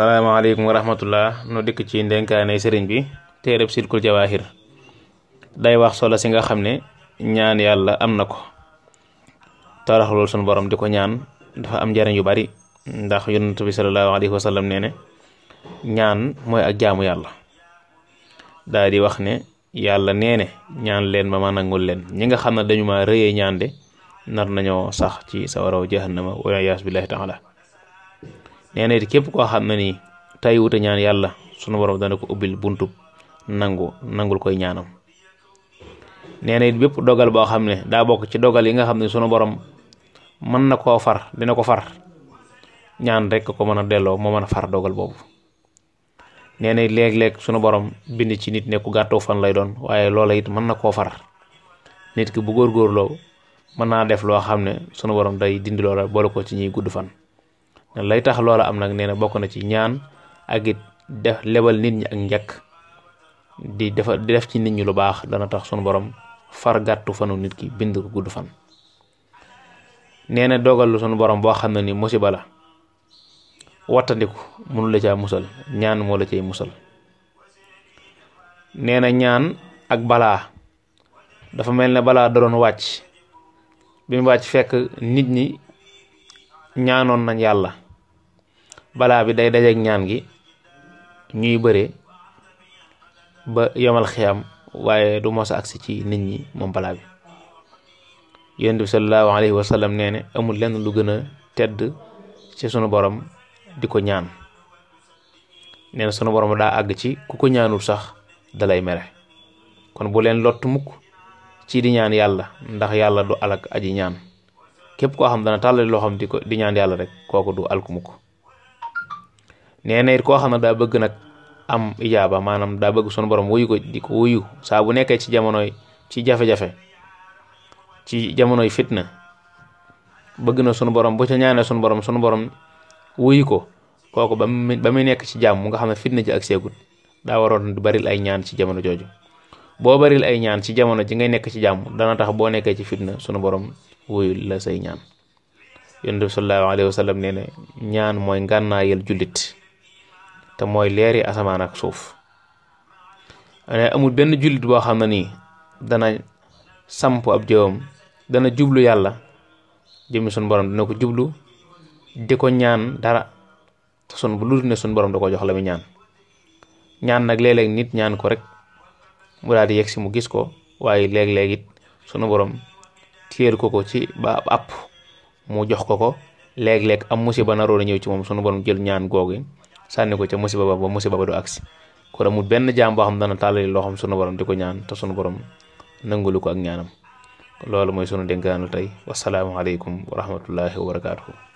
salaamaaleykum wa rahmatullah nu dikk ci ndenkaane sëriñ bi téereb silkul jawaahir day wax solo si nga xam ne ñaan yàlla am na ko lool sunu borom di ko ñaan dafa am njariñ yu bari ndax yonent bi salallaahu alayhi wa sallam nee ñaan mooy ak jaamu yàlla daa wax ne yàlla nee ne ñaan leen ma ma nangul leen ñi nga xam ne dañu ma rëyee ñaan de nar nañoo sax ci sawaraw jahannama wala yaas billahi taala nee na képp ko xam ne nii tay wute ñaan yàlla sunu borom dana ko ubbil buntub nangu nangul koy ñaanam nee na it bépp dogal boo xam ne daa bokk ci dogal yi nga xam ne sunu borom mën na koo far dina ko far ñaan rek ko mën a delloo moo mën a far dogal boobu nee na léeg-léeg sunu borom bind ci nit ne ku gàttoo fan lay doon waaye loola it mën na koo far nit ki bu góor góorgóorloo mën naa def loo xam ne sunu borom day dindi loola boole ko ci ñiy gudd fan. lay tax loolu am nag nee na bokk na ci ñaan ak it lebal nit ñi ak njëkk di defa def ci nit ñi lu baax dana tax sunu borom far gàttu fanu nit ki bind ko gudd fan nee na dogal lu sunu borom boo xam ne ni musiba la wattandiku mënu la musal ñaan moo la cay musal nee na ñaan ak balaa dafa mel ne balaa da doon wàcc bi wàcc fekk nit ñi ñaanoon nañ yàlla balaa bi day dajeek ñaan gi ñuy bëre ba yomal xiyam waaye du mos a agsi ci nit ñi moom balaabi bi yonent bi sallallahu alayhi wa sallam nee ne amul lenn lu gën a tedd ci sunu borom di ko ñaan nee sunu borom daa àgg ci ku ko ñaanul sax dalay mere kon bu leen lott mukk ci di ñaan yàlla ndax yàlla du alak aji ñaan képp koo xam dana tàllali loo xam di ko di ñaan yàlla rek kooku du alku mukk nee na koo xam ne daa bëgg nag am ijaaba maanaam daa bëgg sunu borom wuyu ko saa bu nekkee ci jamonoy ci jafe-jafe ci jamonoy fitna bëgg na sunu borom bu ca ñaanee borom sunu borom wuyu ko kooku ba mu ba muy nekk ci jàmm mu nga xam ne fitna ci ak seegut daa waroon du baril ay ñaan ci jamono jooju. boo baril ay ñaan ci jamono ji ngay nekk ci jàmm dana tax boo nekkee ci fitna sunu borom wuyul la say ñaan yonent bi sallallahu alayhi wa sallam ñaan mooy ngànnaayal jullit te mooy leeri asamaan ak suuf amul benn jullit boo xam ne nii dana samp ab jëwam dana jublu yàlla jëmmi sunu borom dana ko jublu di ko ñaan dara te sun bu ne sunu borom da ko jox la ñaan ñaan nag léeg-léeg nit ñaan ko rek. mu daal di yegg si mu gis ko waaye léeg-léeg it sunu borom téer ko ko ci ba ap mu jox ko ko léeg-léeg am musiba naroon a ñëw ci moom sunu borom jël ñaan googu sànni ko ca musiba ba ba musiba ba du agsi kon amul benn jaam boo xam dana tàllali loo xam sunu borom di ko ñaan te sunu borom nangulu ko ak ñaanam loolu mooy sunu dénkaanu tey wasalaamualeykum wa rahmatullahi wa barakaatuhu